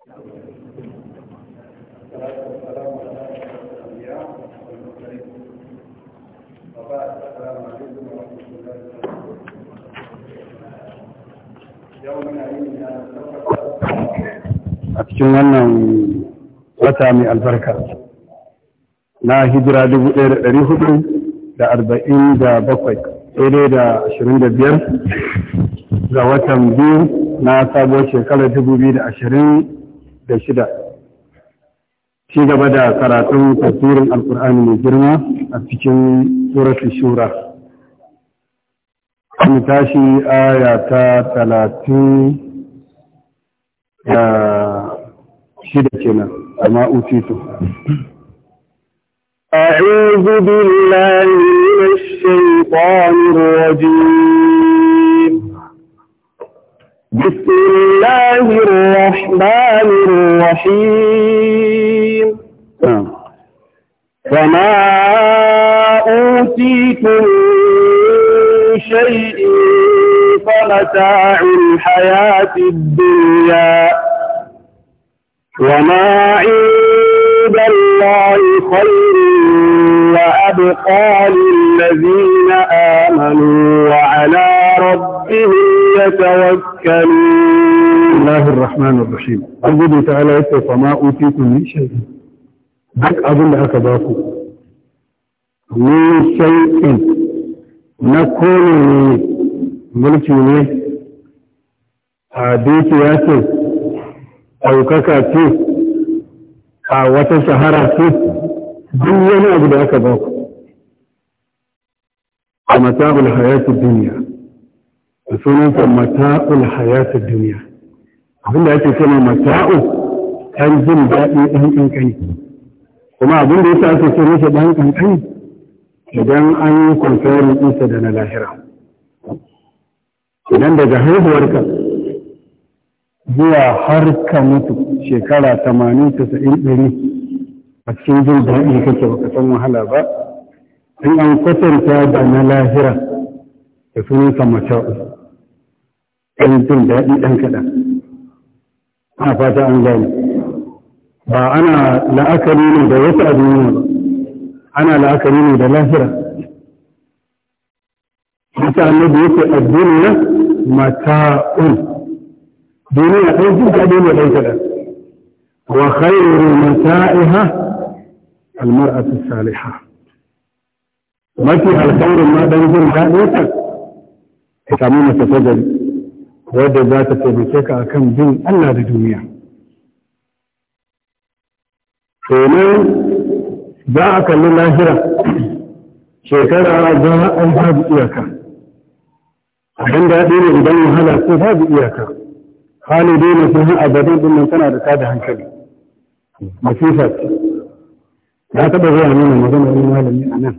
a cikin wannan wata mai albarka na hijira 1447 daidai da biyar ga watan biyu na sabuwar shekarar 2020 da shida ci gaba da karatun tafsirin alkur'ani mai girma a cikin suratu shura mu tashi aya ta talatin da shida kenan amma utitu أعوذ بالله من الشيطان الرجيم بسم الله الرحمن الرحيم فما نعم. أوتيكم شيء فمتاع الحياة الدنيا وما عند الله خير وأبقى للذين آمنوا وعلى ربهم تتوكلون الله الرحمن الرحيم الله تعالى يتوفى ما أوتيكم من شيء بك أظن لك باكو من شيء نكون من ملكي من عديك أو كاكاتي أو وتشهراتي دنيا ما أبدا كباكو ومتاع الحياة الدنيا a sunansa mata'ul hayatar duniya abinda ake cewa mata'u ɗan jin daɗi ɗan ƙanƙani kuma abinda ya sa ake ce masa ɗan ƙanƙani idan an yi kwanfayarin isa da na lahira idan daga haihuwarka zuwa har ka mutu shekara tamanin tasa'in ɗari a cikin jin daɗi kake baka san wahala ba in an kwatanta da na lahira da sunansa mata'u ɗan jin daɗi ɗan kaɗan a fata an gani ba ana la'akari ne da wasu a duniya ba ana la'akari ne da lahira mata annabi yake a duniya mata un duniya ɗan jin daɗi ne ɗan kaɗan wa khairu mata'iha al-mar'atu salihah mafi alkhairin ma ɗan jin daɗin ta samu mace ta gari wadda za ta taimake ka akan bin Allah da duniya kenan za a kalli lahira shekara za a babu iyaka abin daɗi ne idan wahala ko babu iyaka halidai ne sun abadin din nan tana da tada hankali masifa ce na taɓa zuwa nuna magana wani malami a nan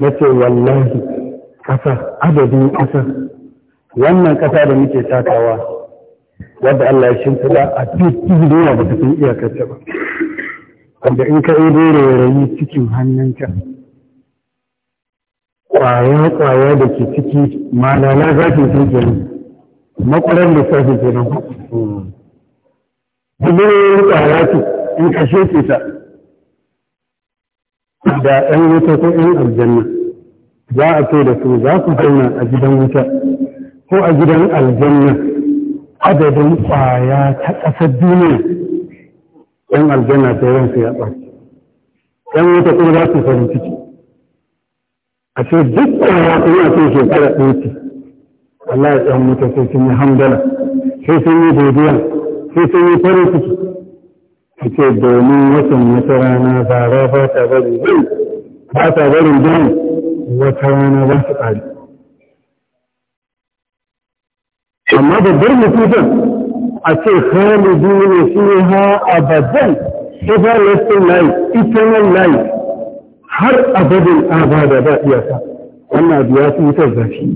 na ce wallahi ƙasa adadin ƙasa wannan ƙasa da muke takawa wadda Allah ya shimfiɗa a cikin duniya ba ta san iyakarta ba wanda in ka yi rayu cikin hannunka ƙwaya-ƙwaya da ke ciki malala za ki ke kenan makwarar lissafi kenan biliyoyin ƙwaya su in ka ke ta da ɗan wuta ko ɗan aljanna za a ce da su za ku zauna a gidan wuta ko a gidan aljanna adadin kwaya ta ƙasar duniya yan aljanna sai ransu ya ɓaci yan wata kuma za su farin ciki a ce duk kwaya kuma cikin shekara ɗauki Allah ya ɗan mutu sai sun yi hamdala sai sun yi godiya sai sun yi farin ciki a ce domin watan wata rana ba ba ta bari ba ta barin don wata rana ba su ƙari amma babbar mutum a ce khalidu ne shi ha abadan everlasting life eternal life har abadin abada ba iyaka wannan abu ya fi wutar zafi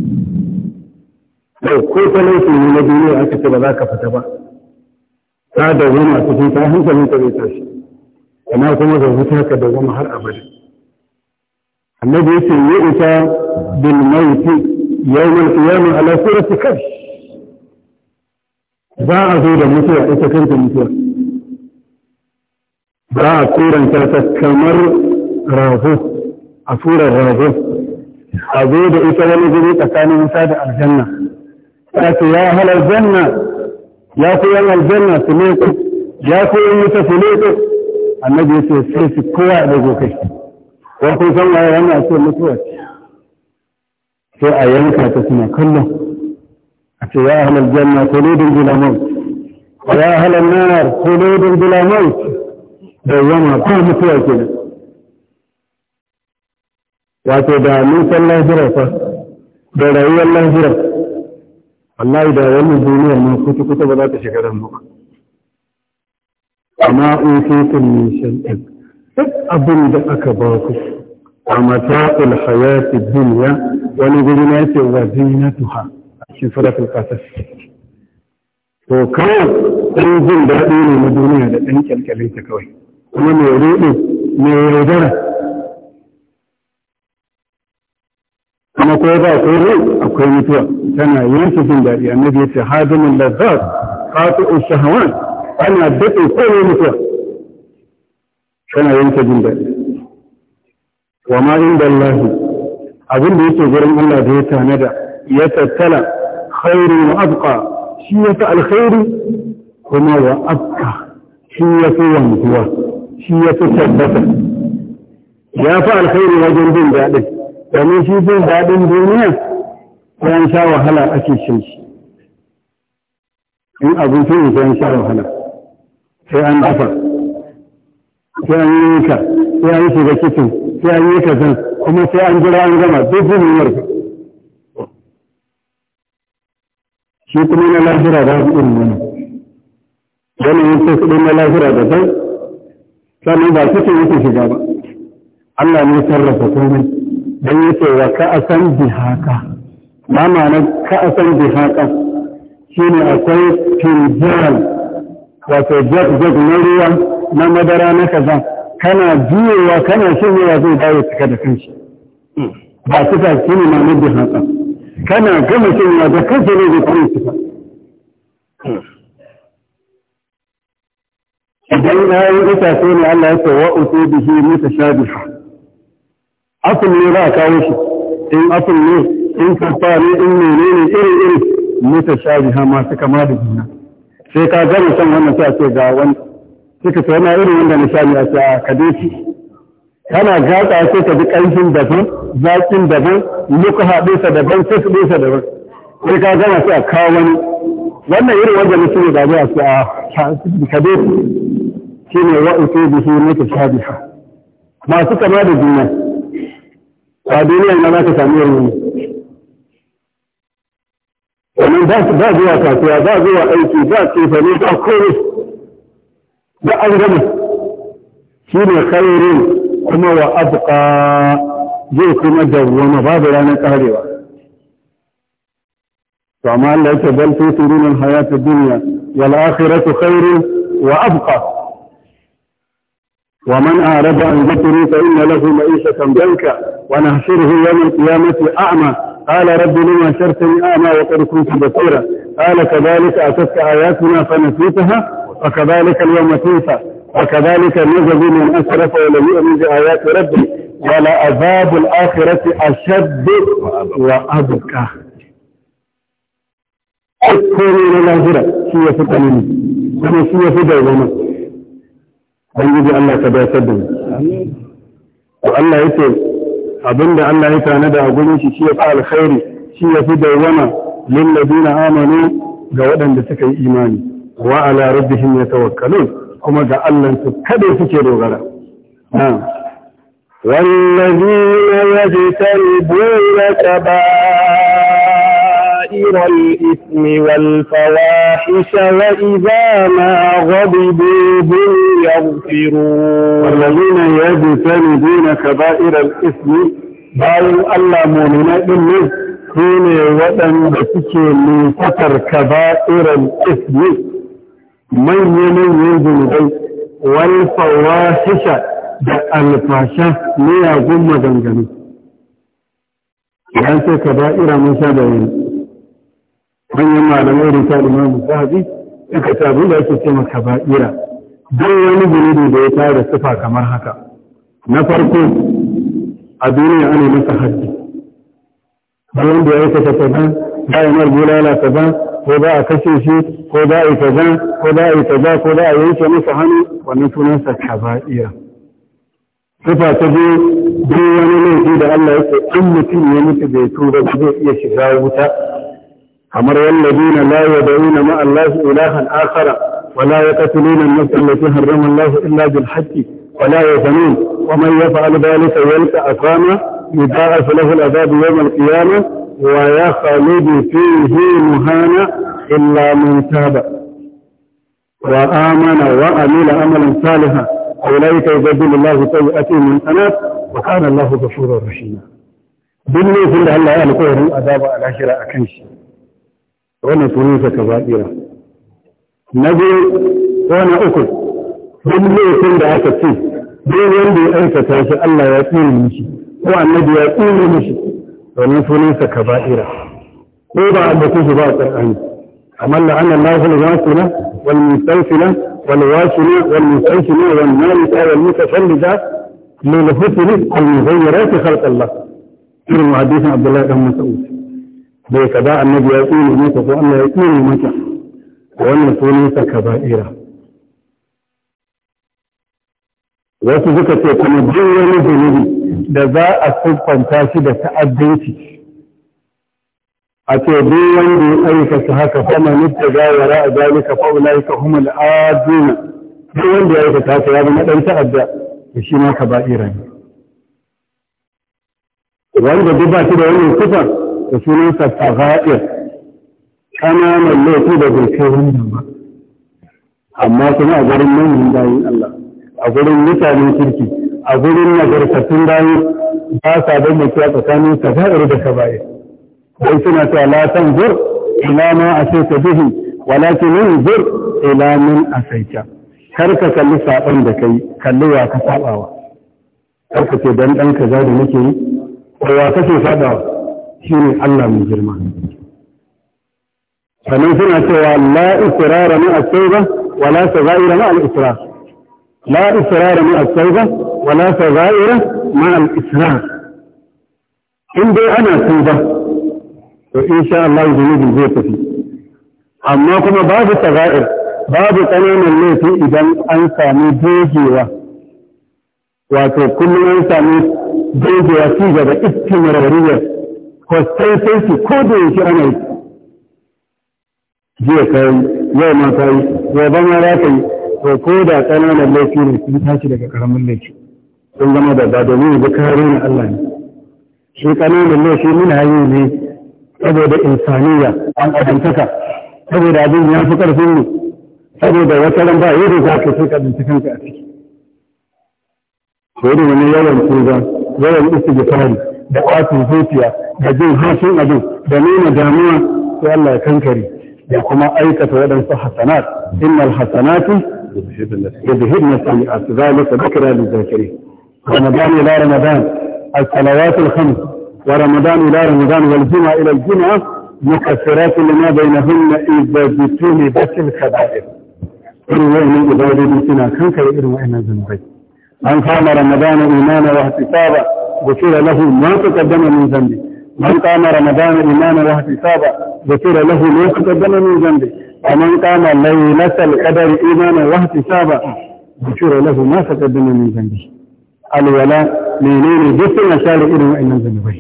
ko ta laifin ne na duniya aka ce ba za ka fita ba ta da wani a cikin ta hankalin ta zai tashi amma kuma da wuta ka da wani har abada annabi yake yi ita bil maiti yawmal qiyamah ala surati kash ba a zo da mutuwa ita kanta mutuwa ba a turan ta kamar rago a turan rago a zo da ita wani guri tsakanin musa da aljanna ta ce ya halar janna ya koyan aljanna su leko ya koyan musa su leko annabi ya ce sai su kowa da gokai wani kun san waye a ce mutuwa sai a yanka ta suna kallon يا أهل الجنة خلود بلا موت ويا أهل النار خلود بلا موت بينها كل مكوى كده موسى الله جرفة بدعي الله جرفة الله إذا يدعى الدنيا من كتب كتب ذات شكرا مكوى وما أوتيتم من شيء duk abin باكو ومتاع الحياة الدنيا ولذي ناس وزينتها cikin suratul qasas to kawai ɗan jin daɗi ne na duniya da ɗan kyalkyalin ta kawai kuma mai ruɗi mai yaudara kuma ko ba ko rai akwai mutuwa tana yanke jin daɗi annabi ya ce hadimin lazzat qati'u shahawan ana daɗe kowa mutuwa tana yanke jin daɗi wa ma inda Allah abin da yake gurin Allah da ya tanada ya tattala خير وأبقى شيء الخير هما وأبقى شيء وانتوى شيء تثبت يا فعل خير وجن دين دادن ومن شيء دين دادن دنيا وان شاء وهلا أكي الشمس إن أبو فيه فان شاء وهلا في أن dafa في أن ينكر في أن an yi shiga kicin sai an yi ka kuma sai an jira an shi kuma na lahira ba su irin wani yanayin sai kuɗin na lahira da zai sannan ba suke yake shiga ba Allah ne sarrafa komai don ya ce wa ka san bi haka? ba a ma'ana ka'asan bihaka shi ne akwai tinjal wato jag-jag na ruwa na madara na kaza kana juyewa kana shanyewa zai dawo cika da kanshi ba suka shi ne ma na bi haka? كما كما كما ذكرت لي بطريقتها إذن هاي إتاسون على سواء به متشابهة أصل لي راك أوشي إن أصل لي إن كفاني إن مينين إري إري متشابهة ما سكما لدينا سيكا جاني سمعنا سأسي داوان سيكا سوما إري عندنا سامي أسا كديسي كما جاءت أسيكا بك أيهم دفن zaƙin daban muka sa daban sai su ɗinsa daban sai ka gama sai a kawo wani wannan irin wanda na shine ba zai su a kade shi ne wa'uto bihi mutashabiha masu kama da juna a duniya na za ka sami yanzu wannan ba zuwa kasuwa ba zuwa aiki ba cefane ba komai da an gama shi ne kairin kuma wa abuka zai kuma dawwama babu ranar karewa to amma Allah yake bal tusirun al-hayat ad-dunya wal akhiratu khairun wa abqa ومن أعرض عن ذكري فإن له معيشة ضنكا ونحشره يوم القيامة أعمى قال رب لما شرتني أعمى وقد كنت بصيرا قال كذلك أتتك آياتنا فنسيتها وكذلك اليوم تنسى وكذلك نزل من أسرف ولم يؤمن بآيات ربه ولا عذاب الآخرة أشد وأبكى اذكروا الى الاخرة شو يفت علينا انا شو يفت علينا هل يجي الله تبا يسدنا والله يتل ابن اقول انشي خيري شو يفت علينا للذين امنوا جوادا بسكي ايماني وعلى ربهم يتوكلون kuma ga Allah su الإثم والفواحش وإذا ما غضبوا هم يغفرون والذين يجتنبون كبائر الإثم قالوا الله مولينا إنه كوني ودن بسكي كبائر الإثم manya-manyan zunubai wal fawahisha da alfasha miyagun maganganu ya ce ka ba'ira mun sha yanzu. manyan malamai da ta imamu suka ce abin da ake ce maka ba'ira don wani zunubi da ya tara sufa kamar haka na farko a duniya ana masa haddi bayan da ya aikata kaza bayan marbulala ko za a kashe shi ko za a yi kaza ko za a yi kaza ko za a yanke masa hannu wannan sunansa kaba'ira sifa ta je duk wani laifi da Allah yake in mutum ya mutu bai tura ba zai iya shiga wuta kamar wallazina la yad'una ma Allah ilahan akhara wala yaqtuluna an-nafs allati harrama Allah illa bil haqqi wala yazunun wa man yaf'al dhalika yalqa asama yudha'af lahu al-'adab yawm al-qiyamah wa ya faru da fi muhana illa mun taba wa amana wa amalan salihan aw la yutabbil lahu sayyi'ati min anat wa kana lahu ghafurur rahim bin ne sun da Allah ya alƙawarin azaba a lahira a kan shi wannan sunan sa ka zabira na biyu ko na uku bin ne sun da aka ce duk wanda ya aikata shi Allah ya tsine mishi ko annabi ya tsine mishi wannan sunansa ba'ira ko ba a bakin su ba a ƙar'ani amma wani Allah wal wasila wal mustawsila wani wasila wal mustawsila wal malika wal mutashallida lil husni al mughayyirat khalq Allah irin hadisin Abdullah ibn Mas'ud bai da annabi ya tsine maka ko Allah ya tsine maka wannan sunansa ba'ira. wasu suka ce kuma jin wani zunubi da za a siffanta shi da ta'addanci a ce duk wanda ya aika su haka fama nufta gawara a zalika fa'ulai kuma humul azuna duk wanda ya aika haka ya zama ɗan ta'adda da shi ka ba irani wanda duk ba shi da wani kufa da sunansa faga'ir ƙananan laifi da bai kai wannan ba amma kuma a garin manyan bayan Allah a gurin mutanen kirki a gurin nagartattun bayi ba sa don makiya tsakanin kaba'ir da kaba'ir don suna cewa la tanzur ila ma ka bihi walakin anzur ila min saita? kar ka kalli saban da kai kalli wa ka sabawa kar ka ce dan dan kaza da nake yi ko wa kake sabawa shine Allah mai girma sannan suna cewa la ikrara ma ba? wala sabaira ma al-israr لا إصرار مع التوبة ولا صغائر مع الإسلام إن دي أنا توبة وإن شاء الله ذنوب زي tafi. amma kuma babu tsaga'ir babu tsananin laifi idan an sami dogewa wato kullum an sami dogewa ci gaba istimarariyar ko sai sai ko da yake ana yi jiya yau ma kayi gobe ma za ka yi ko ko da ƙananan laifi ne sun tashi daga ƙaramin laifi sun zama da ba domin yanzu kare ni Allah ne shi ƙananan laifi muna yi ne saboda insaniya an adantaka saboda abin ya fi ƙarfin mu saboda wata ran ba yadda za ka sai ka kanka a ciki Ko da wani yawan tuba yawan istighfari da ƙwatin zuciya da jin hashin abin da nuna damuwa sai Allah ya kankare da kuma aikata waɗansu hasanat innal hasanatu يذهب السيئات ذلك ذكرى للذاكرين رمضان إلى رمضان الصلوات الخمس ورمضان إلى رمضان والجمعة إلى الجمعة مكسرات لما بينهن إذا بس الكبائر إن وإن إذا بسنا كنك إن ذنبي من قام رمضان إيمانا واحتسابا ذكر له ما تقدم من ذنبه من قام رمضان إيمانا واحتسابا ذكر له ما تقدم من ذنبه ومن قام ليلة القدر إيمانا واحتسابا ذكر له ما تقدم من ذنبه الولاء menene duk suna share irin wa'annan ذنبه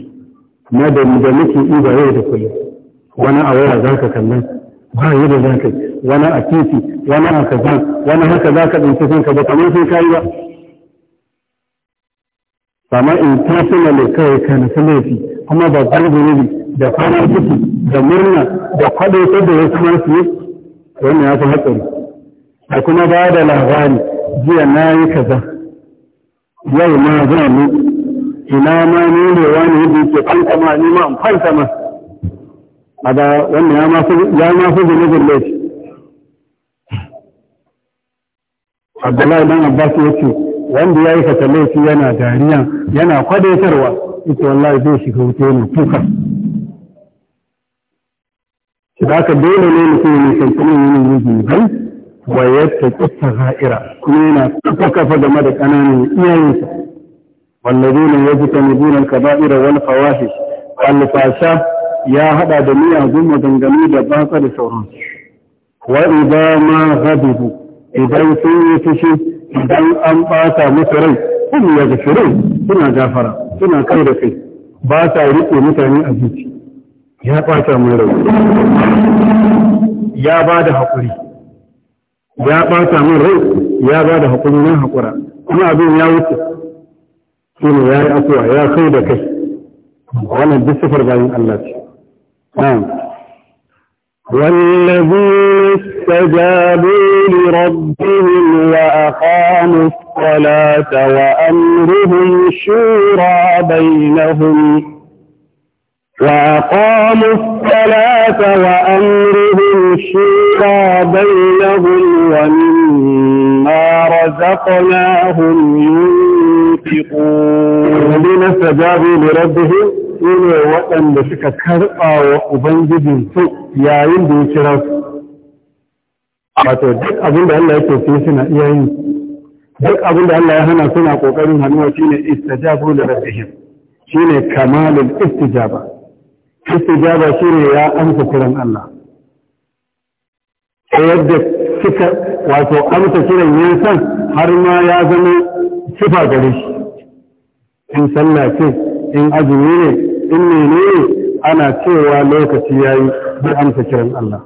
na da da muke iba yau da kullum wani a waya ka ba yi da za yi wani a titi wani a kaza wani haka za ka ɗauki kanka ba kamar sun kayi ba amma in ta na mai kawai ka laifi kuma ba zan da fara ciki da murna da kwaɗo da ya kamar yi. wannan ya fi hatsari a kuma ba da labari jiya na yi kaza yau ma zuwa mu ina ma ni ne wani yadda yake kwanta ma ni ma kwanta ma a da wannan ya ma fi zunubin laifi Abdullahi dan Abbas ya ce wanda ya yi fata yana dariya yana kwadatarwa ita wallahi zai shiga wuce ne tuka da ka dole ne mutum mai nisanci nan yanayin zunubai wa yadda kisa za'ira kuma yana kafa kafa game da ƙananan iyayensa wallazina yajtanibuna al-kaba'ira wal fawahish al-fasha ya haɗa da miyagun maganganu da batsa da sauran wa idan ma ghadibu idan sun yi fushi idan an ɓata musu rai kuma ya shirin, suna gafara suna kai da kai ba ta riƙe mutane a zuci ya kwata mai rauni ya ba da haƙuri ya ɓata min rai ya ba da haƙuri na haƙura kuma abin ya wuce shi ne ya yi afuwa ya kai da kai wannan duk sifar bayan Allah ce والذين استجابوا لربهم وأقاموا الصلاة وأمرهم شورى بينهم وأقاموا الصلاة وأمرهم شورى بينهم ومما رزقناهم ينفقون الذين استجابوا لربهم sune waɗanda suka karɓa wa Ubangijin su yayin da ya kira su. duk abin da Allah yake sai suna iya yin? duk abin da Allah ya hana suna ƙoƙarin hannuwa shine istijabu da shine kamalul istijaba. jaba shi ne ya amsa kiran Allah ta yadda suka wato amsa kiran ya san har ma ya zama sifa gare shi in sallah ce in azumi ne in mene ne ana cewa lokaci ya yi zai amsa kiran Allah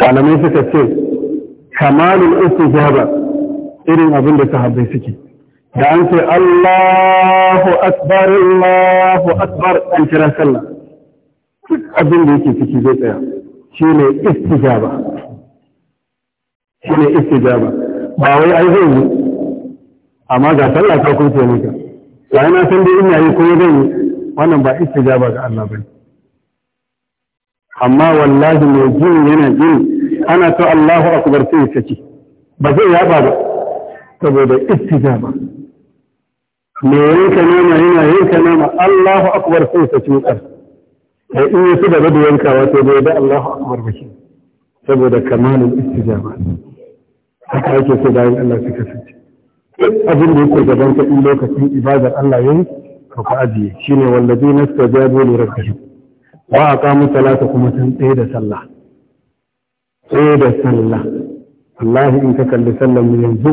malamai suka ce kamalin istijaba irin abin da sahabbai suke da an ce Allahu akbar Allahu akbar an kira sallah duk abin da yake ciki zai tsaya shi ne istijaba ne istijaba ba wai ai zai yi amma ga sallah ta kun ce ka sai na san dai ina yi ko zai yi wannan ba istijaba ga Allah bane amma wallahi mai jin yana jin ana ta Allahu akbar sai ya saki ba zai yaba ba saboda istijaba Me yanka nama yana yanka nama Allahu akbar sai sa cutar Sai in ya su da gado yankawa sai bai da Allahu akbar ba shi saboda kamalin istijaba haka yake so bayan Allah su sace. abin da yake gaban ka in lokacin ibadar Allah yayi to ka ajiye shine wallazi nastajabu li rabbihim wa aqamu salata kuma sun tsaye da sallah tsaye da sallah wallahi in ka kalli sallan mu yanzu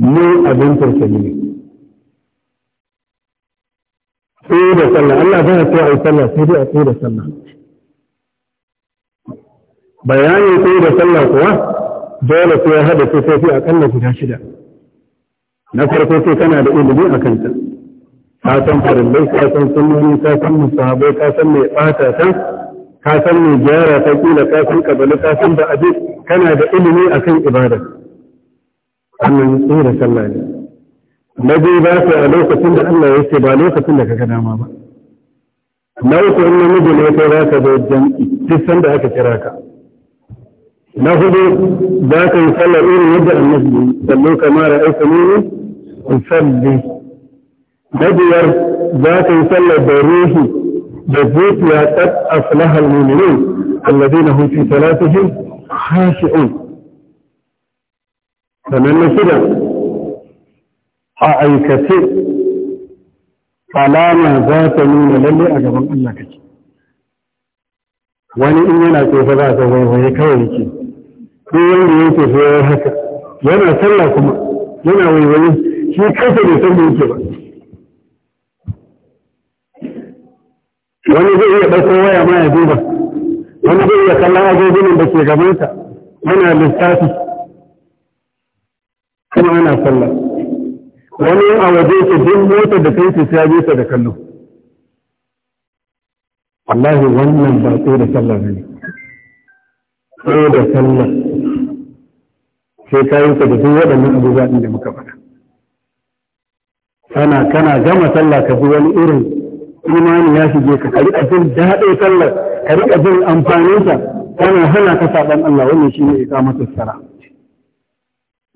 mu abin tarkabi ne sai da sallah Allah ba ya sai a yi sallah sai dai a sai da sallah bayanin sai da sallah kuwa dole sai ya hada sai sai akalla guda shida na farko sai kana da ilimi a kanta ka san farillai ka san sunnoni ka san musahabai ka san mai bata ta ka san mai gyara ta kila ka san kabali ka san da abin kana da ilimi akan ibada wannan da sallah ne na biyu ba su a lokacin da Allah ya ce ba lokacin da kaga dama ba na uku in namiji ne kai za ka zo jam'i duk sanda aka kira ka na hudu za ka yi sallar irin yadda annabi ya yi sallu kamar aika ne usalli na biyar za ka yi sallar da ruhi da zuciya qad aflaha al-mu'minun alladhina hum fi salatihim khashi'un sannan na shida a aikace alama za ta nuna lalle a gaban Allah kake wani in yana tsofa za ta waiwaye kawai yake ko wanda ya tsofa ya haka yana sallah kuma yana waiwaye shi kansa bai san da yake ba wani zai iya ɗauko waya ma ya duba wani zai iya kallon agogunan da ke gabanta yana lissafi kuma ana sallah wani a waje ta jin motar da kai ce sai ya da kallo wallahi wannan ba tsaye da sallah ne tsaye da sallah sai yi ka da duk waɗannan abubuwa ɗin da muka faɗa kana kana gama sallah ka bi wani irin imani ya shige ka kari jin daɗe sallah, ka riƙa jin amfaninsa kana hana ka saɓan Allah wannan shine iqamatus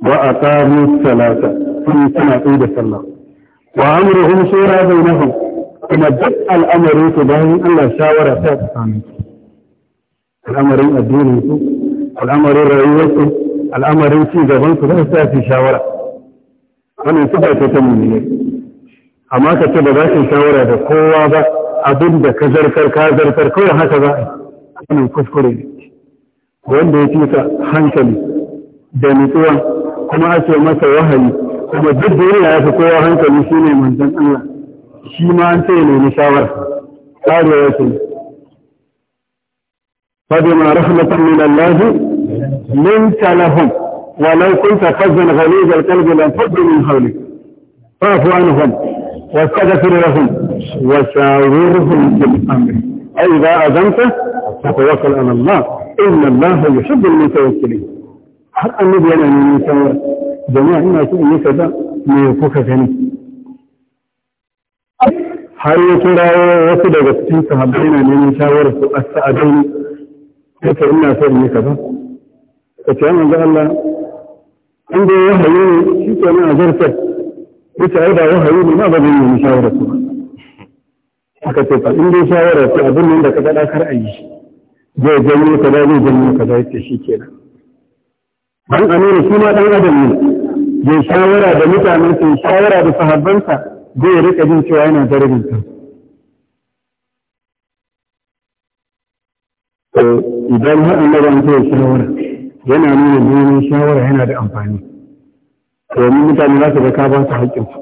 Ba wa aqamus salata في سنة عيد السنة وعمرهم شورى بينهم كما جد الأمر تباهي أن لا شاور أساد الأمر الدين الأمر الرئيس الأمر في جبنك لا في شاورة أنا سبع تتمني أما كتب ذاك شاورة بقوة أدن بكزر كزر كزر كل هكذا أنا كذكري وين بيتيك هنكلي دمتوا كما أتوا مثل وهي kuma duk duniya ya fi kowa hankali shi ne manzon Allah shi ma an ce ne na shawar kariya ya ce فبما رحمة من الله لنت لهم ولو كنت فظا غليظ القلب لانفضوا من حولك فاعف عنهم واستغفر لهم وشاورهم في الامر اذا اذنت فتوكل على الله ان الله يحب المتوكلين هل النبي انا من jama'a ina so in yi kaza me kuka gani har ya kira wasu daga cikin sahabbai na neman shawarar su a sa'adai yake ina so in yi kaza ka ce yana ga Allah in dai wahayi ne shi ke nan a zartar ita ai ba wahayi ne ma ba zai yi shawarar su aka ce fa in dai shawarar su abin nan da ka faɗa kar a yi zai janyo kaza zai janyo kaza yake shi kenan dan amina shi ma dan adam ne ya shawara da mutanen ya shawara da sahabbansa zai rika jin cewa yana zargin ta. idan har da ta ya shawara yana nuna neman shawara yana da amfani domin mutane za su ga ka ba su haƙƙinsu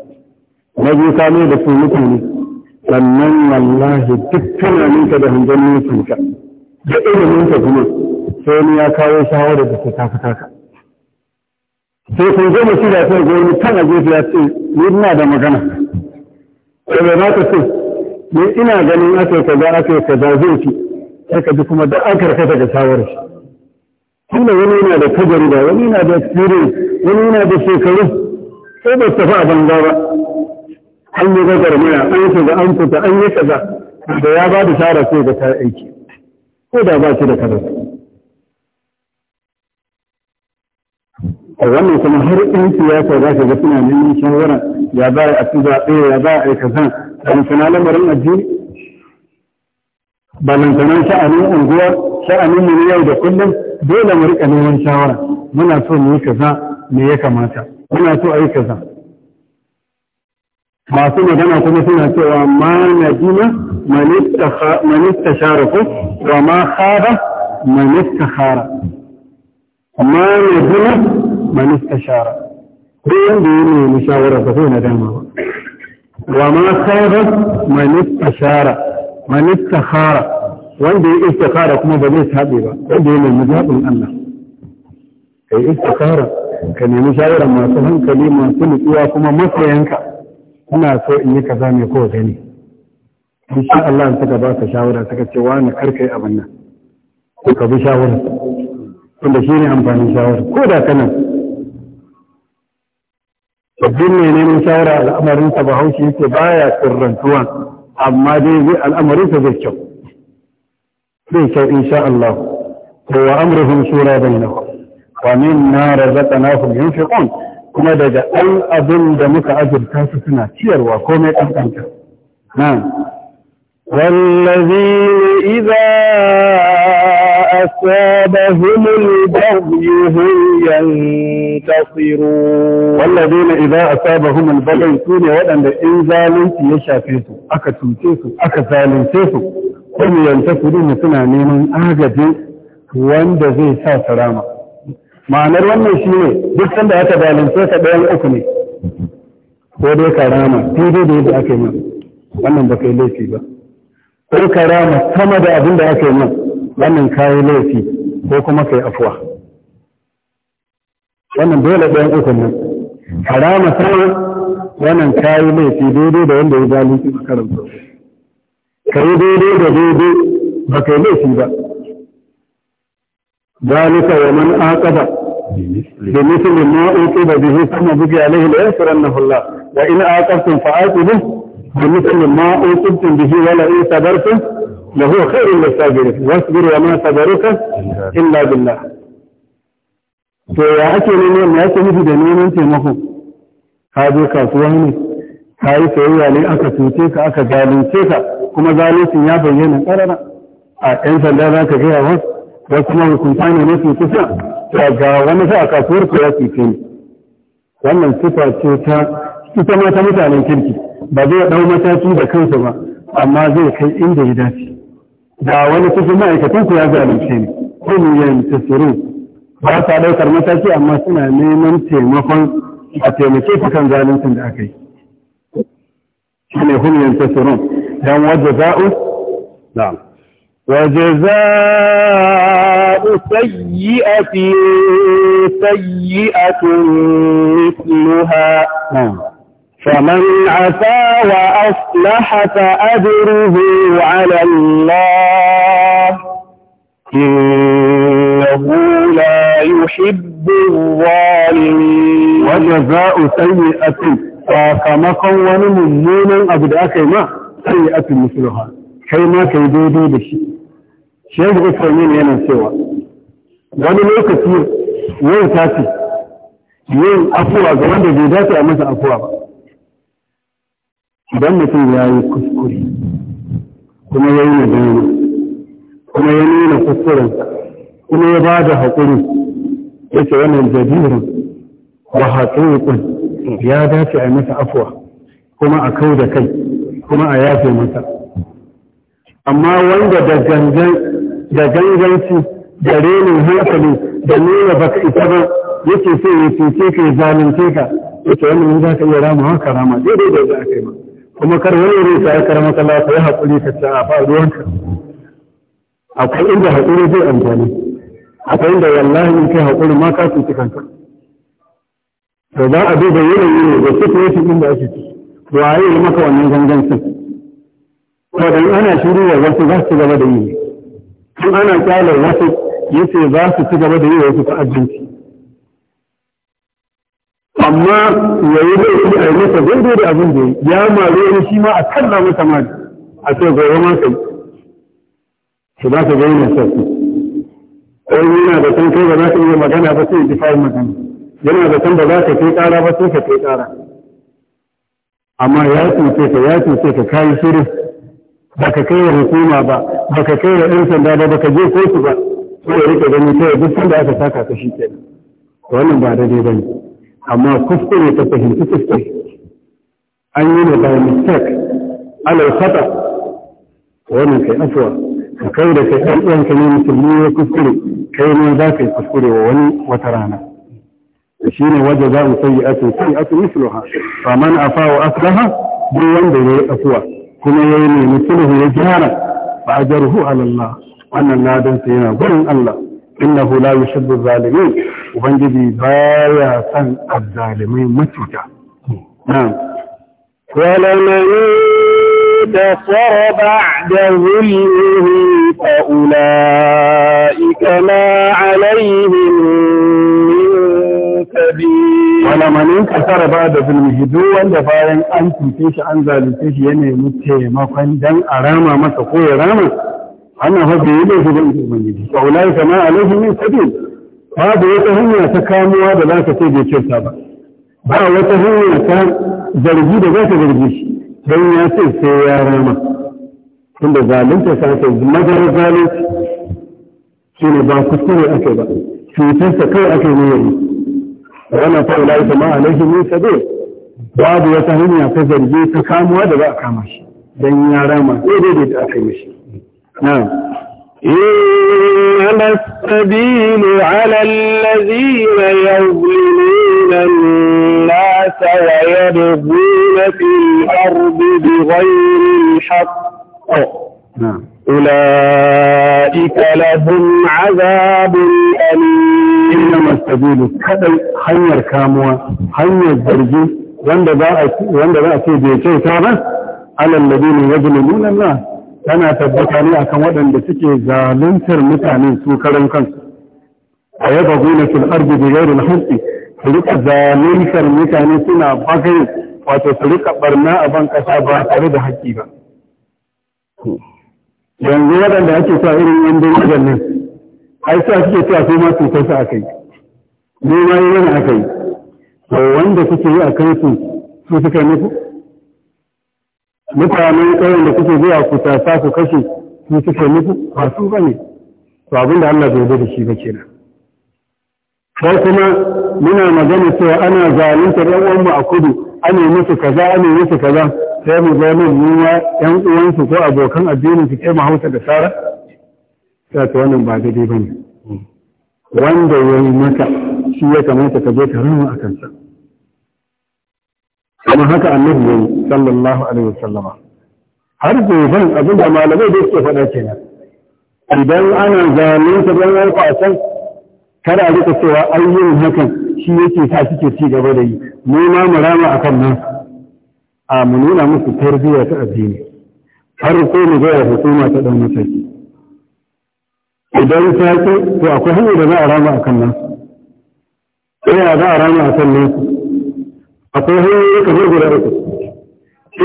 na biyu ka da su mutane sannan wallahi duk tunaninka da hangen nufinka da iliminka kuma sai ni ya kawo shawarar da su tafi taka sai kun zo mutum da sai goyi kan a gefe ya ce ni ina da magana sai bai ba ka ce ni ina ganin aka kaza aka kaza zai ci sai ka ji kuma da an karkata daga shawarar shi tunda wani yana da ba. wani yana da experience wani yana da shekaru sai bai tafi a banza ba an yi gagarmaya an yi kaza an fita an yi kaza da ya ba da shara sai ga ta aiki ko da ba shi da kaza a wannan kuma har in siyasa za ka ga suna neman shawara ya ba a ci zaɓe ya ba a kaza balantana lamarin addini balantana sha'anin unguwa sha'anin mu yau da kullum dole mu riƙa neman shawara muna so mu yi kaza me ya kamata muna so a yi kaza masu magana kuma suna cewa ma na man manista sharafu wa ma khaba manista khara amma ne gina man shara, duk wanda ya nemi shawara ba zai dama ba wa ma khairu shara, istashara man istakhara wanda ya istikhara kuma ba zai tabe ba wanda ya nemi zabin Allah kai istikhara ka nemi shawara masu hankali masu nutsuwa kuma masoyanka ina so in yi kaza ne ko gani insha Allah suka ba ka shawara suka ce wani karkai abin nan ka bi shawara. wanda shi ne amfanin shawara ko da kana sabbin ne neman shawara al'amarinsa ba haushi yake baya sirrantuwa amma dai zai al'amarinsa zai kyau zai kyau insha Allah to wa amruhum shura bainahum wa mimma razaqnahum yunfiqun kuma daga ɗan abin da muka azurta su suna ciyarwa komai ƙanƙanta na والذين إذا أصابهم البغي هم ينتصرون والذين إذا أصابهم البغي سوني وأن إن ذالنت يشافيسوا أكا تنتيسوا أكا ذالنتيسوا هم ينتصرون سنة نيمان أهجد وأن ذي ساسرامة ma'anar wannan shi ne duk sanda aka zalunce ka uku ne ko dai karama daidai da yadda aka yi nan wannan ba kai laifi ba ko karama sama da abin da aka min. wannan kayi laifi ko kuma kai afuwa wannan dole ɗayan ukun nan harama sama wannan kayi laifi daidai da wanda ya zalunci a ka kai daidai da daidai ba kai laifi ba ذلك ومن عاقب بمثل ما عوقب به ثم بقي عليه لينصرنه الله وإن عاقبتم ma بمثل ما عوقبتم به ولئن صبرتم لهو خير للصابرين واصبر وما صبرك إلا بالله to ya ake neman ya ce nufi da neman taimako ka je kasuwa ne ka yi sayayya ne aka cuce ka aka zalunce ka kuma zaluncin ya bayyana ƙarara a ɗan sanda za ka gaya wasu wasu kuma hukunta ne na cuce sa to ga wani sa a kasuwar ku ya cuce ni wannan sifa ce ta ita ma ta mutanen kirki ba zai ɗau mataki da kansa ba amma zai kai inda ya dace da wani cikin ma'aikatan ku ya zalunce ni kun yantasiru ba sa daukar mataki amma suna neman taimakon a taimake ku kan zaluncin da aka yi shine kun yantasirun dan wajaza'u na'am وجزاء سيئة سيئة مثلها فمن عفا وأصلح فأجره على الله إنه لا يحب الظالمين وجزاء سيئة sakamakon wani mummunan abu da aka yi ma sai ya afi musulha kai ma ka yi daidai da shi shehu usman yana cewa wani lokaci yau ta ce yin afuwa ga wanda bai dace a masa afuwa ba idan mutum ya yi kuskure kuma ya yi nadama kuma ya nuna kuskurensa kuma ya ba da haƙuri ya ce wannan jabirin wa haƙiƙun ya dace a masa afuwa kuma a kau da kai kuma a yafe masa amma wanda da ganganci da renin hankali da nuna baka ita ba yake so ya cece ka ya zalunce ka ya ce wannan za ka iya rama haka rama daidai da za ka yi ma kuma kar wani ne sai kar maka Allah sai hakuri ka ta fa ruwanka akwai inda hakuri zai amfani akwai inda wallahi in kai hakuri ma ka tsinci kanka to za a duba yanayi ne da situation din da ake ciki waye ya maka wannan sun? to dan ana shiru wa wasu za su gaba da yi Tun ana kyalar wasu yace za su ci gaba da yi wasu ta'addanci amma ya yi laifi a yi masa daidai da abin da ya mare ni shi ma a na mata ma a ce gobe ma kai shi ba ta gani masa su ɗan yana da san kai ba za ka iya magana ba sai ji fa'in magana yana da san ba za ka kai ƙara ba sai ka kai ƙara amma ya cuce ka ya cuce ka kayi shirin ba ka kai wa hukuma ba ba ka kai wa ɗan sanda ba ba ka je kotu ba sai ya rike gani ta duk sanda aka saka ka shi kenan wannan ba daidai ba ne amma kuskure ta fahimci kuskure an yi ne by mistake alal fata wannan kai afuwa ka kai da kai ɗan uwanka ne musulmi ya kuskure kai ne za ka yi kuskure wa wani wata rana Da shi ne waje za mu sayi ake sayi ake misluha fa man afa wa aslaha duk wanda ya yi afuwa kuma ya yi nemi sulhu ya gyara fa ajaruhu ala Allah wannan ladan sa yana gurin Allah innahu la yushibbu zalimin ubangiji baya san azzalimai matuta na'am ولمن انتصر بعد ظلمه فأولئك ما عليهم من سبيل ولمن انتصر بعد ظلمه duk wanda bayan an tuce shi an zalunce shi ya nemi taimakon dan a rama masa ko ya ramu. ana hada yi da shiga inda ubangiji wa ulai kama alaihi min sabil babu wata hanya ta kamuwa da za ka ce bai kyauta ba ba wata hanya ta zargi da za ka zargi shi don ya ce sai ya rama tunda zalunta ta ce magarar zalunci shi ne ba kuskure ake ba cutarsa kai ake ne yanzu wannan ta ulai kama alaihi min sabil babu wata hanya ta zargi ta kamuwa da za a kama shi don ya rama daidai da aka yi mishi نعم إنما السبيل على الذين يظلمون الناس ويبغون في الأرض بغير الحق نعم أولئك لهم عذاب أليم إنما السبيل كدي حي kamuwa حي zargi wanda za a ce على الذين يظلمون الناس tana tabbata ne akan waɗanda suke zaluntar mutane su karan kansu a yaba gona fil ardi da ghairi al-haqqi su rika zaluntar mutane suna bagai wato su rika barna a ban kasa ba tare da haƙƙi ba yanzu waɗanda ake sa irin yan wajen nan ai sa suke cewa su ma kai su akai ne ma yi yana akai to wanda suke yi kai su su suka yi muku mutanen ƙauyen da kuke zuwa ku tasa ku kashe su suke muku ba su bane to abin da Allah bai da shi ba ke nan. sai kuma muna magana cewa ana zalunta ɗan uwanmu a kudu ana musu kaza ana musu kaza sai mu ga nan mu uwansu ko abokan addinin su kai Hausa da Sara ta wannan ba daidai bane wanda yayi maka shi ya kamata ka je ka rama a kansa kuma haka annabi ya yi sallallahu alaihi wasallama har goben abin da malamai da suke faɗa nan idan ana zalunta don wani kwasan kada rika cewa yi hakan shi yake sa suke ci gaba da yi mu ma mu rama akan nan a mu nuna musu tarbiyya ta addini har ko mu ga hukuma ta ɗan mataki idan ta ce to akwai hanyar da za a rama akan nan sai za a rama akan nan akwai hanyoyi ka zai guda uku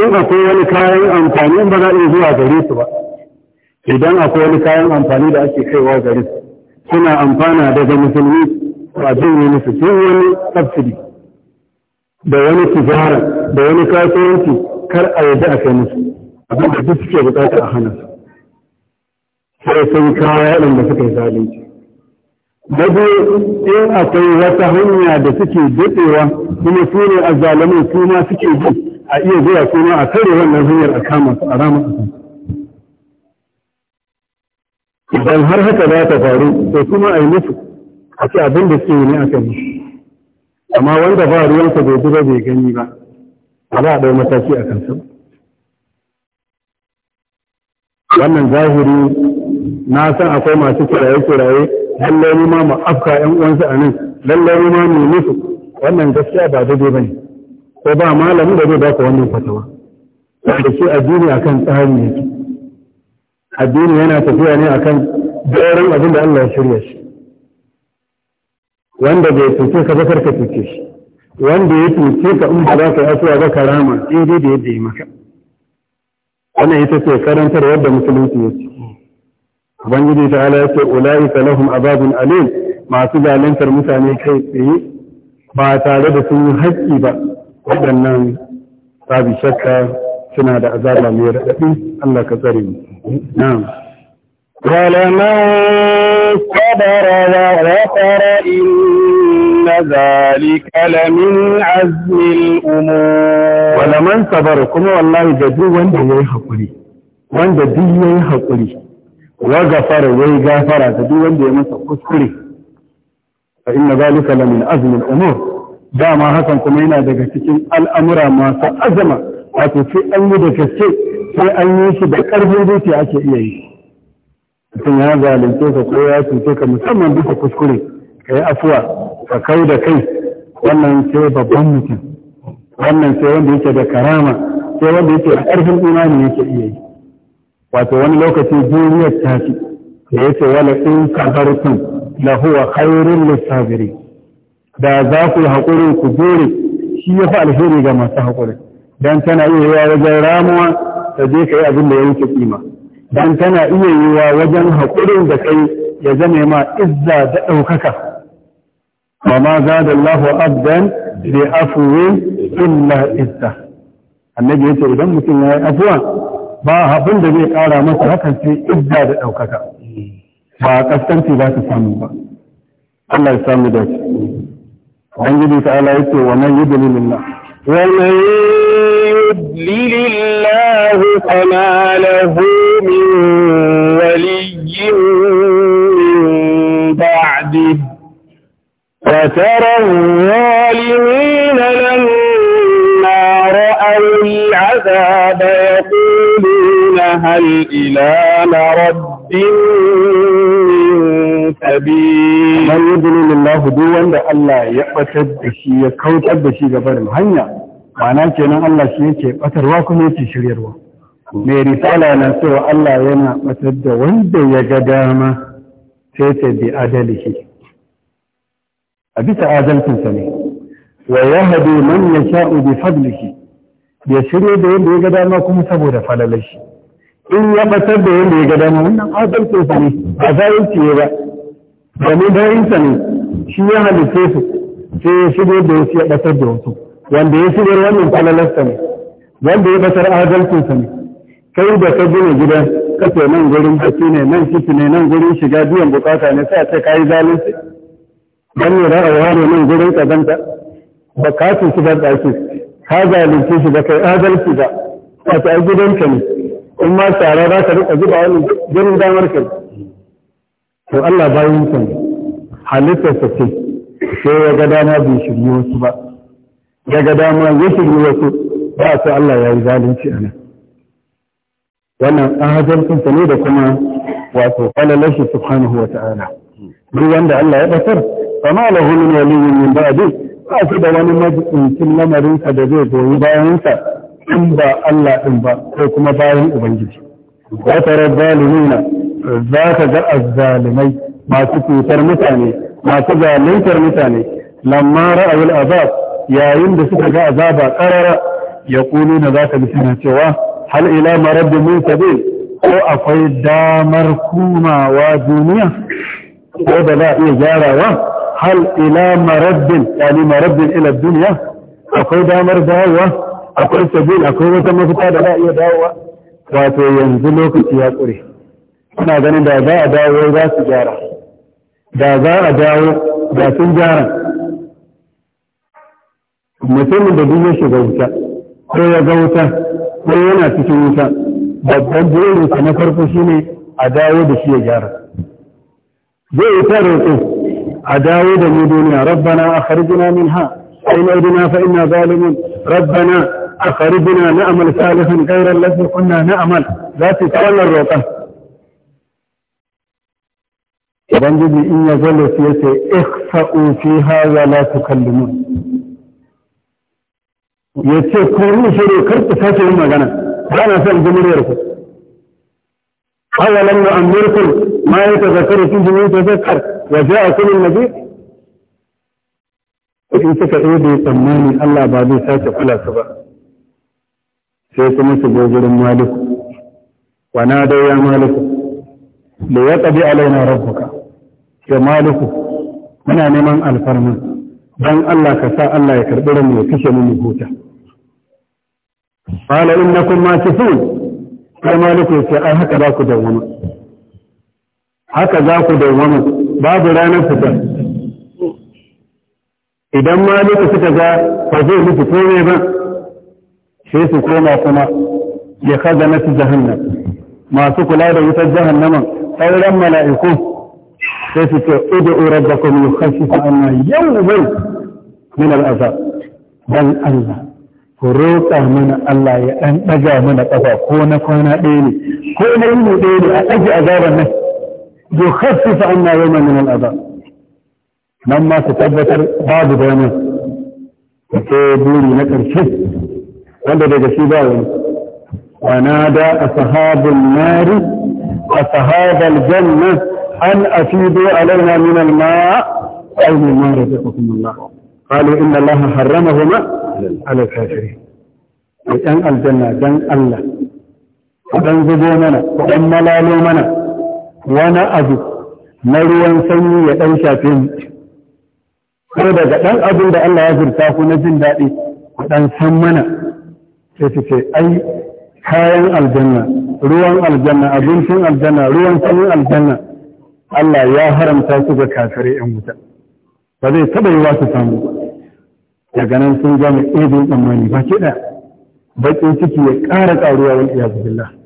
in akwai wani kayan amfani ba za a iya zuwa gare su ba idan akwai wani kayan amfani da ake kaiwa gare su suna amfana daga musulmi ba janye musu duk wani subsidy da wani tijara da wani kasuwanci kar a yadda a kai musu abin da duk suke bukata a hana su sai sun kawo waɗanda suka yi zalunci dade in akwai wata hanya da suke daɗewa kuma su ne a zalamai su ma suke bi a iya zuwa su ma a kare wannan hanyar a kama su a rama a idan har haka za ta faru to kuma a yi musu a ce abin da suke ne aka yi amma wanda ba ruwansa bai zuba bai gani ba a ba a ɗau mataki a kansa wannan zahiri na san akwai masu kiraye-kiraye lallai mu ma mu afka ƴan uwansu a nan lallai mu ma mu musu wannan gaskiya ba daidai bane ko ba malamin da zai baka wannan fatawa da shi addini akan tsari yake addini yana tafiya ne akan doron abin da Allah ya shirya shi wanda bai tuce ka zakar ka tuce shi wanda ya tuce ka in ba za ka yi asuwa karama ka rama daidai da yadda ya maka wannan ita ce karantar yadda musulunci ya ce ubangiji ta ala yace ulai lahum azabun alim masu zalantar mutane kai tsaye ba tare da sun yi haƙƙi ba waɗannan babu shakka suna da azaba mai raɗaɗi Allah ka tsare mu na'am ولمن صبر وغفر إن ذلك لمن عزم الأمور ولمن صبر كما والله جدو وان دي يحقري وان wa gafara wai gafara ta duk wanda ya masa kuskure fa inna zalika la min azmi al-umur dama hakan kuma yana daga cikin al'amura masu azama wato sai an yi da gaske sai an yi shi da karfin zuciya ake iya yi mutum ya zalunce ka ko ya cuce ka musamman bisa kuskure ka yi afuwa ka kai da kai wannan sai babban mutum wannan sai wanda yake da karama sai wanda yake da karfin imani yake iya yi wato wani lokaci duniyar ta ci da ce wala in sabartum la huwa khairul lisabiri da za ku hakuri ku jure shi ya yafi alheri ga masu hakuri dan tana iya yiwa wajen ramuwa ta je kai abin da ya wuce kima dan tana iya yiwa wajen hakurin da kai ya zame ma izza da ɗaukaka. wa ma zada Allahu abdan bi afwi illa izza annabi yace idan mutum ya yi afuwa ba abin da zai kara masa hakan sai idda da ɗaukaka ba kaskanci za su samu ba Allah ya samu da shi gidi ta ala yake wa dalilin na wa man yudlilillah fama lahu min waliyyin min ba'di wa tara العذاب يقولون هل إلى مرد من سبيل من يدلل الله دون دا الله يقتد بشي يكوتد بشي قبل هنيا ma'ana kenan Allah shi yake batarwa kuma yake shiryarwa mai risala na cewa Allah yana batar da wanda ya ga dama sai ta bi a bisa adalcinsa ne wa yahdi man yasha'u bi fadlihi ya shirya da yadda ya ga dama kuma saboda falalar shi in ya batar da yadda ya ga dama wannan adalcin sa ne ba zalunci ne ba da ne da yin ne shi ya halitta su sai ya shirya da ya shirya batar da wasu wanda ya shirya wannan falalar sa ne wanda ya batar adalcin sa ne kai da ka gina gida ka ce nan gurin baki ne nan kici ne nan gurin shiga biyan bukata ne sai a ce ka yi zalunci dan ne ra'awa ne nan gurin kazanta ba ka su shigar da ake ka zalunci shi ba kai adalci ba wato ai gidanka ne in ma tsara za ka rika zuba wani ganin damar kai to Allah bayan ka ne halittarsa ce sai ya ga dama bai shirye wasu ba ya ga dama ya shirye wasu ba su Allah ya yi zalunci a nan wannan adalcinsa ne da kuma wato falalar shi subhanahu wa ta'ala duk wanda Allah ya basar fa ma lahu min waliyyin min ba'di ba shi da wani majiɗincin lamarinsa da zai goyi bayansa in ba Allah ɗin ba ko kuma bayan Ubangiji. Za zalimina za ka ga azzalimai masu cutar mutane masu zaluntar mutane lamma ra'ayul azab yayin da suka ga azaba karara ya kulu na za ka bi suna cewa hal ila marabbin mun sabil ko akwai damar kumawa duniya ko da za a iya gyarawa hal ila marabbin yani marabbin ila duniya akwai damar dawowa akwai sabil akwai wata mafita da za a iya dawowa wato yanzu lokaci ya tsure ina ganin da za a dawo za su gyara da za a dawo da sun gyara mutumin da duniya shiga wuta ko ya ga wuta ko yana cikin wuta babban burinsa na farko shine a dawo da shi ya gyara zai yi ta a dawo da mu duniya rabbana akhrijna minha ay nawdina fa inna zalimun rabbana akhrijna na'mal salihan ghayra alladhi kunna na'mal zati tawallar roƙa ubangiji in ya zalla su yace ihsa'u fiha wa la tukallimun yace ko ni shiru kar ku sake yin magana ba na son jumuriyar ku awalan nu'ammirkum ma yatazakkaru kun jumu'u tazakkar wa ja'a kullun nabi in suka ebe tsammanin Allah ba zai sake kula su ba sai kuma su go gurin maliku wa na dai ya maliku da ya tsabi alaina rabbuka ya maliku muna neman alfarma dan Allah ka sa Allah ya karɓi ranmu ya kashe mu huta qala innakum makithun sai maliku ya ce ai haka za ku dawwama haka za ku dawwama babu ranar fita idan ma duka suka ga ba zai musu komai ba sai su koma kuma ya kaza na su jahannam masu kula da wutar jahannaman sauran mala'iku sai su ce udu'u rabbakum yukhaffifu anna yawman min al'azab dan Allah ku roƙa mana Allah ya ɗan ɗaga mana ƙafa ko na kwana ɗaya ne ko na mu ɗaya ne a ɗaji azaban nan يخفف عنا يوما من الاذى من ما تثبت بعض بيانه فبوري نكر شف ولا بيجا شي ونادى اصحاب النار اصحاب الجنة ان افيدوا علينا من الماء او من ما رزقكم الله قالوا ان الله حرمهما على الكافرين أي أن الجنة جن الله وأن زبوننا وأن ملالومنا wani abu na ruwan sanyi ya ɗan shafe mu ko daga ɗan abin da Allah ya zurta ku na jin daɗi ku ɗan san mana sai su ce ai kayan aljanna ruwan aljanna abincin aljanna ruwan sanyin aljanna Allah ya haramta su ga kafirai 'yan wuta ba zai taɓa yi su samu daga nan sun gama eh, ɗin tsammani ba kiɗa baƙin ciki ya ƙara ƙaruwa wani iyaku billah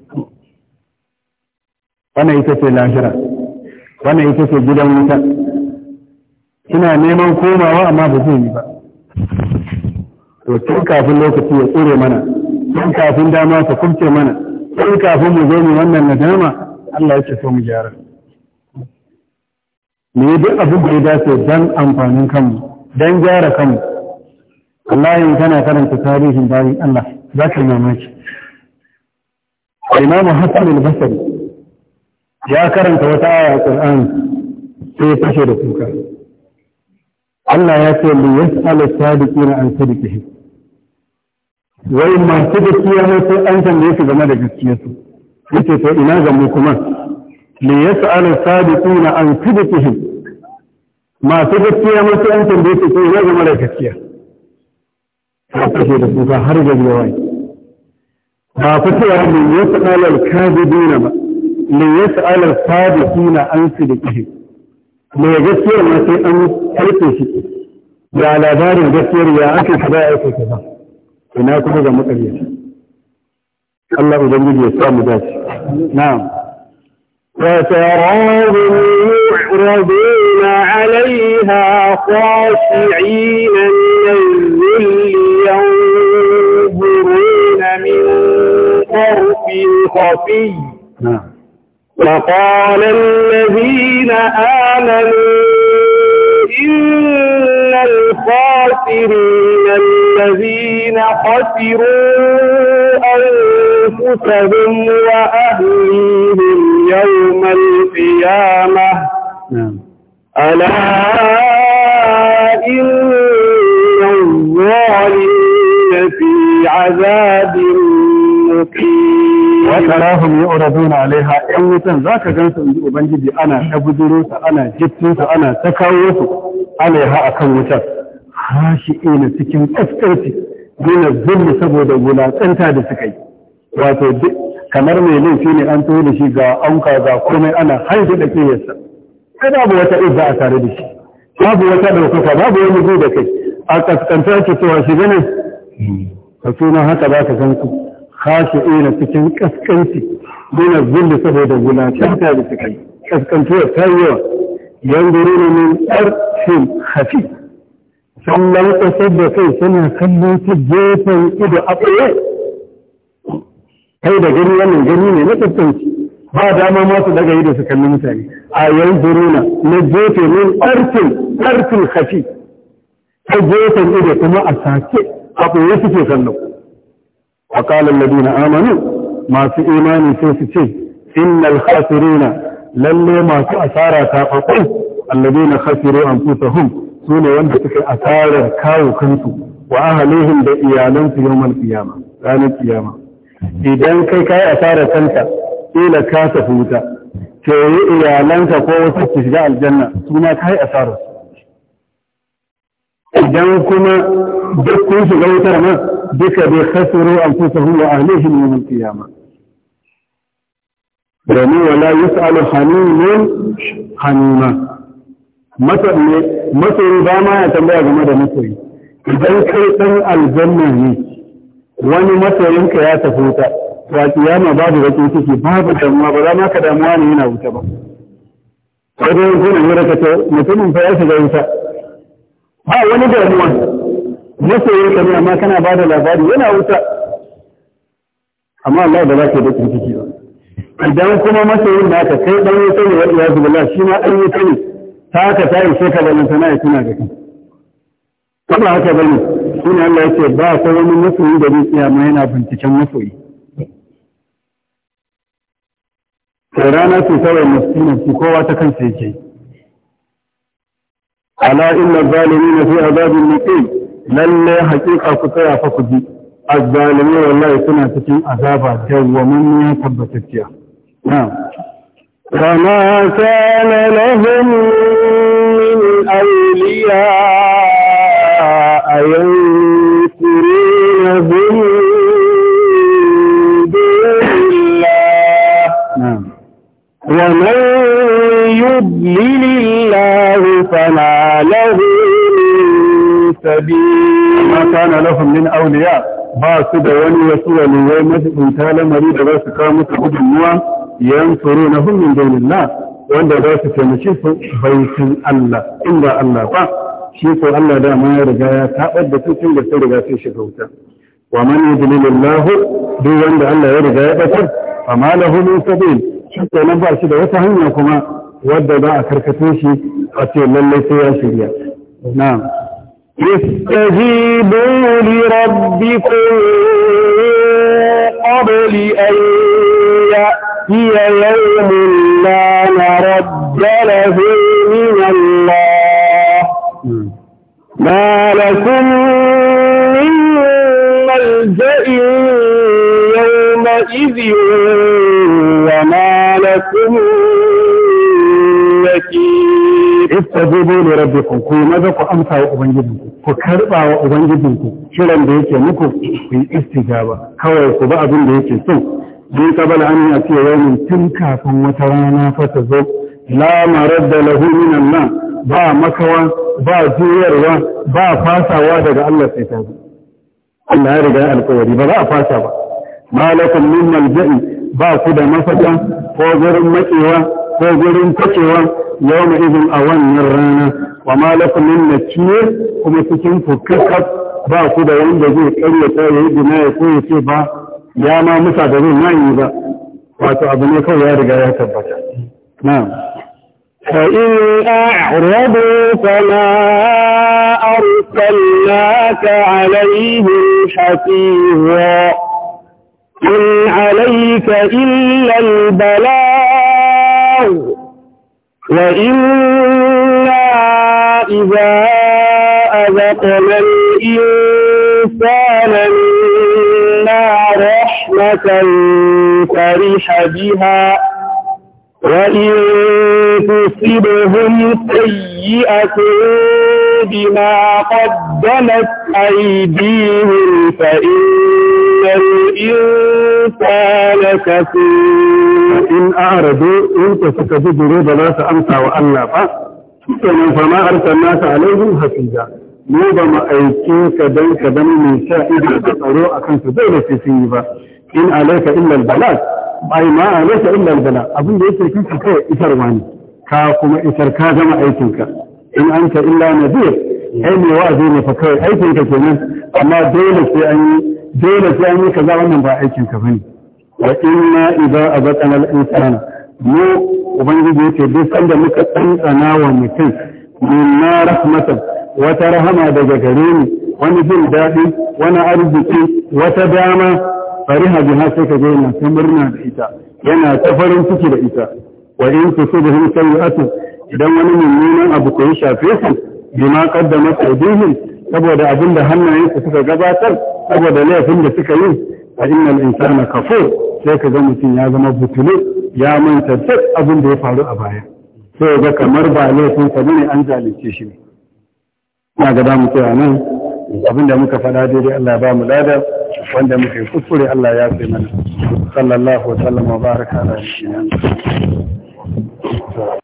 wannan ita ce lahira wannan ita ce gidan wuta suna neman komawa amma ba zai yi ba to tun kafin lokaci ya tsire mana tun kafin dama ta kubce mana tun kafin mu zo mu wannan nadama Allah ya ce so mu gyara Me yi duk abin da ya dace don amfanin kanmu don gyara kanmu wallahi kana karanta tarihin bayan Allah za ka yi mamaki Imam Hassan al-Basri ya karanta wata aya Qur'an sai ya fashe da kuka Allah ya ce li yas'alu sadiqina an sadiqihi wai masu gaskiya ne sai an tambaye su game da su? yace to ina ga mu kuma li yas'alu sadiqina an sadiqihi masu gaskiya ne sai an tambaye su ina game da gaskiya ya fashe da kuka har ga yawai ba ya ne yas'alu al-kadibina ba ليسأل الصادقين عن صدقهم ما ما في أن حيث شيء وعلى دار الجسر يا اخي حبائك كذا هنا كل هذا مقلية الله أجمد يسام ذات نعم فتراهم يعرضون عليها خاشعين من ينظرون من طرف خفي نعم وقال الذين آمنوا إن الخاسرين الذين خسروا أنفسهم وأهليهم يوم القيامة نعم. ألا إن الظالمين في عذاب مقيم وتراهم يعرضون عليها ان وتن ذاك gansu inji ubangiji ana ta buduro su ana jittin su ana ta kawo su alaiha akan shi ina cikin kaskarci dole zulli saboda wulatsanta da suka yi wato kamar mai laifi ne an tori shi ga anka ga komai ana haifi da kiyarsa sai babu wata izza a tare da shi babu wata ɗaukaka babu wani zai da kai a ƙasƙantar ki cewa shi ganin ka suna haka za ka san ku khashi'ina cikin kaskanci dole zulli saboda gulacanta da suka yi kaskantuwar ta yi yawa yan yanzuru min arfin hafi sannan kasar da kai suna kallon ta gefen ido a tsaye kai da gani wannan gani ne na kaskanci ba dama ma su daga yi da su kalli mutane a yanzuru na na gefe min arfin arfin hafi ta gefen ido kuma a sake a ɓoye suke kallon a lallabi na amanu masu imani sai su ce innal khasirina lalle masu asara ta faƙo alladina khasiru anfusahum su ne wanda suka asarar kawo kansu wa ahalihim da iyalansu yawmal qiyama ranar kiyama idan kai kai asarar kanka kila ka tafi wuta ke iyalanka ko wasu su shiga aljanna suna kai asarar idan kuma duk kun shiga wutar ma duka bai khasiru anfusahum wa ahlihim yawm al-qiyamah domin wala yus'alu hanimun hanima masoyi ba ma ya tambaya game da masoyi idan kai dan aljanna ne wani ka ya tafi wuta to a kiyama babu bakin ciki babu damuwa ba za ma ka damuwa ne yana wuta ba sai dai kuna yi rakato mutumin fa ya shiga wuta ba wani damuwa masoyin ka ne amma kana ba da labari yana wuta amma Allah ba za ka yi bakin ba idan kuma masoyin da aka kai dan wuta ne wani yazu billah shi ma dan wuta ne ta haka ta yi shekara nan tana ya tuna da kai kuma haka ba shi shine Allah yake ba ta wani masoyin da zai kiyama yana binciken masoyi sai rana ce kawai masu kowa ta kansa yake yi الا ان الظالمين في عذاب مقيم لن حقيقه كفايه فكدي الظالمين والله كنا تكن عذابا جو من يثبتك يا فما نعم. كان لهم من اولياء ينكرون دون الله نعم. ومن يضلل الله فلا له من سبيل ما كان لهم من أولياء ba su da wani wasu waliyai mafiɗinta lamari da za su kawo musu gudunmuwa yan tsoro na hulmin daunillah wanda za su taimaki su baitin Allah inda Allah ba shi ko Allah da ma ya riga ya taɓar da tutun da sun riga sun shiga wuta wa man yudlilillahu duk wanda Allah ya riga ya batar fa ma lahu min sabil shi nan ba shi da wata hanya kuma ودى بقى كركتوشي قتل للي سياسية نعم استجيبوا لربكم قبل أن يأتي يوم لا نرد له من الله ما لكم من ملجأ يومئذ وما لكم من istajibu li rabbikum ku maza ku amsa wa ubangijinku ku karba wa ubangijinku kiran da yake muku ku yi istijaba kawai ku ba abin da yake so dun kabala an ya ce yau tun kafin wata rana fa ta zo la maradda lahu min Allah ba makawa ba juyarwa ba fasawa daga Allah sai ta zo Allah ya riga alƙawari ba za a fasa ba malakum min malja'i ba ku da mafaka ko gurin makewa ko gurin fakewan yau mai izin a wannan rana wa malakun min nakiyar kuma cikin fukakar ba ku da wanda zai karyata ya yi dina ya ko ya ce ba ya ma musa da zai yi ba wato abu ne kawai ya riga ya tabbata na'am فإن أعرضوا فما أرسلناك عليهم حفيظا إن عليك إلا البلاغ الأرض وإنا إذا أذقنا الإنسان منا رحمة فرح بها وإن تصبهم سيئة بما قدمت أيديهم فإن الإنسان كفور إن أعرضوا أنت سكتب ريبا لا تأمسى فما أرسلناك عليهم حفيظا mu ba mu aike ka dan ka dan mai sa ido da tsaro a kansu bai da sai yi ba in alaika illa albalag bai ma alaika illa albalag abin da yake kanka kai isarwa ne ka kuma isar ka gama aikin ka in an ka illa na zai ai mai wa'azi ne fa kawai aikin ka kenan amma dole sai an yi dole sai an yi kaza wannan ba aikin ka bane wa inna idza azaqana al-insana mu ubangiji yake duk sanda muka tsantsana wa mutum minna rahmatan wata rahama daga gare ni wani jin daɗi wani arziki wata dama fariha biha sai ka ga ta murna da ita yana ta farin ciki da ita wa in tusibhum sayyi'atun idan wani mummunan abu ko ya shafe su ma kaddama aydihim saboda abin da hannayen su suka gabatar saboda laifin da suka yi a innal insana kafur sai ka ga mutum ya zama butulu ya manta duk abin da ya faru a baya sai ga kamar ba laifin sa bane an zalunce shi ne na ga da mu nan abin da muka faɗa daidai Allah ba mu lada wanda muke yi Allah ya fi mana sallallahu wa sallam wa baraka ala